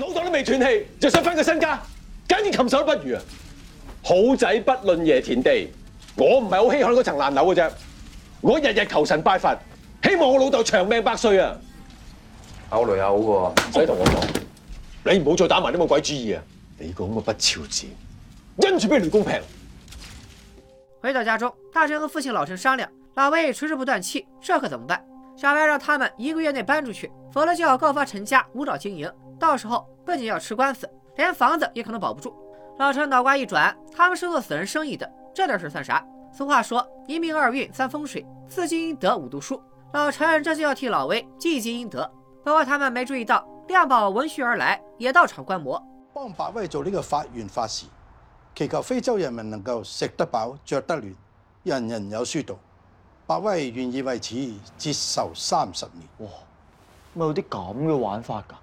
老豆都未斷氣，就想分個身家，簡直禽獸都不如啊！好仔不論爺田地，我唔係好稀罕嗰層爛樓嘅啫，我日日求神拜佛，希望我老豆長命百歲啊！阿女又好喎，唔使同我講，你唔好再打埋啲咁嘅鬼主意啊！你個咁不肖子，因住俾雷公劈。回到家中，大成和父親老成商量，老魏遲遲不斷氣，這可怎麼辦？小白讓他們一個月內搬出去，否則就要告發陳家無爪經營。到時候不僅要吃官司，連房子也可能保不住。老陳腦瓜一轉，他們是做死人生意的，這點事算啥？俗話說，一命二運三風水，四積陰德五讀書。老陳這就要替老威積積陰德。不過他們沒注意到，亮寶聞訊而來，也到場觀摩，幫百威做呢個法願法事，祈求非洲人民能夠食得飽、着得暖，人人有書讀。百威願意為此折壽三十年。哇、哦，冇有啲咁嘅玩法噶、啊？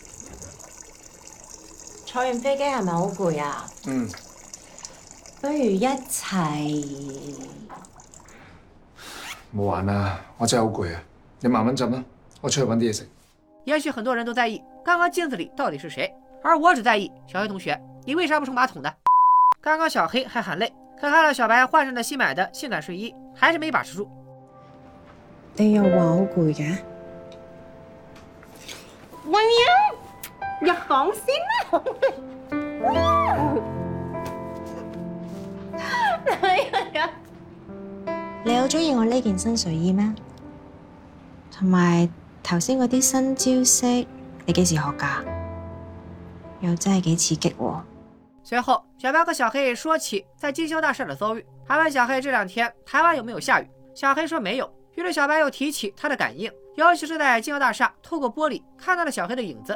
坐完飛機係咪好攰啊？嗯，不如一齊。冇玩啦，啊，我真係好攰啊！你慢慢浸啦，我出去揾啲嘢食。也許很多人都在意剛剛鏡子裡到底是誰，而我只在意小黑同學，你為啥不沖馬桶呢？剛剛小黑還喊累，可看到小白換上了新買的性感睡衣，還是沒把持住。哎呀，我好攰嘅。.入房先啦！你好中意我呢件新睡衣咩？同埋頭先嗰啲新招式，你幾時學噶？又真係幾刺激喎、哦！隨後，小白和小黑說起在金宵大廈的遭遇，還問小黑這兩天台灣有沒有下雨。小黑說沒有，於是小白又提起他的感應，尤其是在金宵大廈透過玻璃看到了小黑的影子。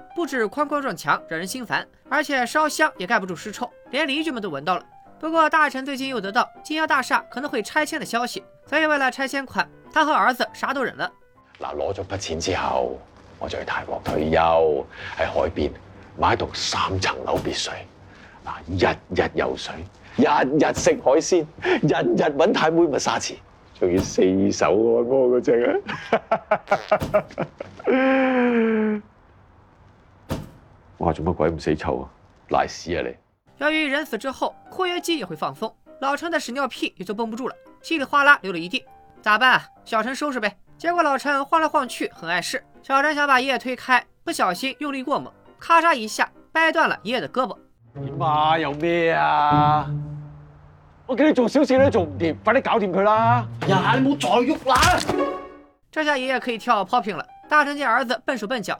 不止哐哐撞牆惹人心煩，而且燒香也蓋不住屍臭，連鄰居們都聞到了。不過大臣最近又得到金宵大廈可能會拆遷的消息，所以為了拆遷款，他和兒子啥都忍了。嗱，攞咗筆錢之後，我就去泰國退休，喺海邊買一棟三層樓別墅，嗱，日日游水，日日食海鮮，日日搵太妹咪沙池，仲要四手按摩嗰隻啊！ 我話做乜鬼唔死臭啊！瀨屎啊你！由於人死之後，括約肌也會放鬆，老陳的屎尿屁也就繃不住了，稀里嘩啦流了一地。咋辦、啊？小陳收拾唄。結果老陳晃來晃去，很礙事。小陳想把爺爺推開，不小心用力過猛，咔嚓一下掰斷了爺爺的胳膊。你媽、啊、有咩啊？我叫你做小事都做唔掂，快啲搞掂佢啦！哎、呀，你冇再喐啦！這下爺爺可以跳 popping 了。大陳見兒子笨手笨腳。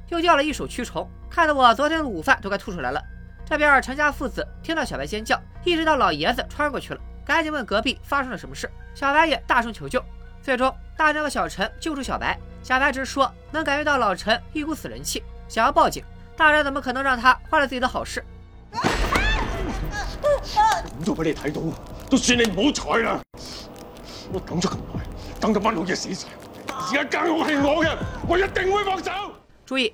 又掉了一手蛆蟲，看得我昨天的午飯都快吐出來了。這邊陳家父子聽到小白尖叫，一直到老爺子穿過去了，趕緊問隔壁發生了什麼事。小白也大聲求救。最終，大張和小陳救出小白。小白直說能感覺到老陳一股死人氣，想要報警。大張怎麼可能讓他壞了自己的好事？都俾你睇到，都算你唔好彩啦！我等咗咁耐，等到班老嘢死晒，而家間屋係我嘅，我一定會放手。注意。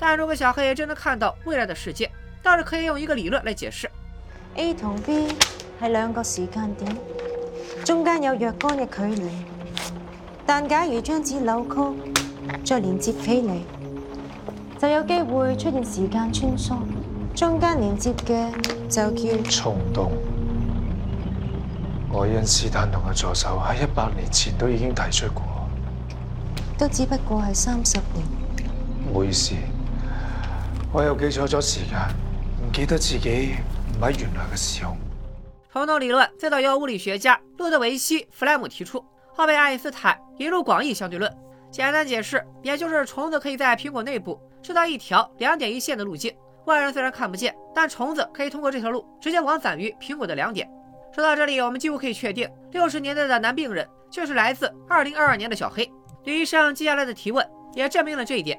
但如果小黑真係看到未來的世界，倒是可以用一個理論來解釋。A 同 B 係兩個時間點，中間有若干嘅距離，但假如將此扭曲再連接起嚟，就有機會出現時間穿梭。中間連接嘅就叫蟲洞。愛因斯坦同佢助手喺一百年前都已經提出過，都只不過係三十年。唔好意思。我又記錯咗時間，唔記得自己唔喺原來嘅時候。蟲洞理論最早由物理學家路德維希·弗萊姆提出，後被愛因斯坦引入廣義相對論。簡單解釋，也就是蟲子可以在蘋果內部製造一條兩點一線的路徑。外人雖然看不見，但蟲子可以通過這條路直接往返於蘋果的兩點。說到這裏，我們幾乎可以確定，60年代的男病人就是來自2022年的小黑。李醫生接下來的提問也證明了這一點。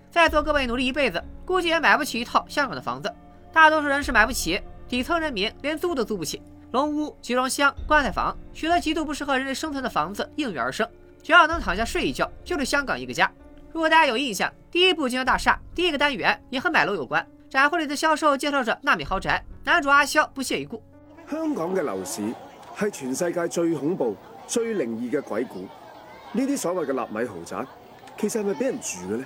在座各位努力一輩子，估計也買不起一套香港的房子。大多數人是買不起，底層人民連租都租不起，籠屋、集裝箱、棺材房，許多極度不適合人類生存的房子應運而生。只要能躺下睡一覺，就是香港一個家。如果大家有印象，第一部《金宵大廈》第一個單元也和買樓有關。展會裏的銷售介紹着納米豪宅，男主阿肖不屑一顧。香港嘅樓市係全世界最恐怖、最靈異嘅鬼故。呢啲所謂嘅納米豪宅，其實係咪俾人住嘅咧？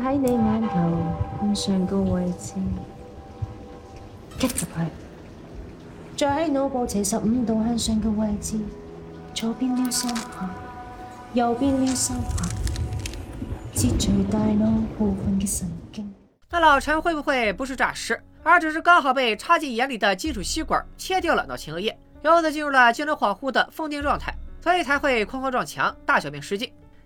在你眼球向上個位置，一直係，在喺腦部斜十五度向上嘅位置，左邊撩三下，右邊撩三下，切除大腦部分嘅神經。但老陳會不會不是詐屍，而只是剛好被插進眼裏的金屬吸管切掉了腦前額葉，然後呢進入了精神恍惚的瘋癲狀態，所以才會哐哐撞牆、大小便失禁？